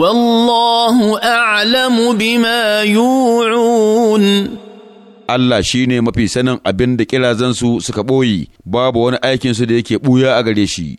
والله أعلم بما يوعون Allah shi ne mafi sanin abin da ƙirazansu suka ɓoye, babu wani aikinsu da yake ɓuya a gare shi.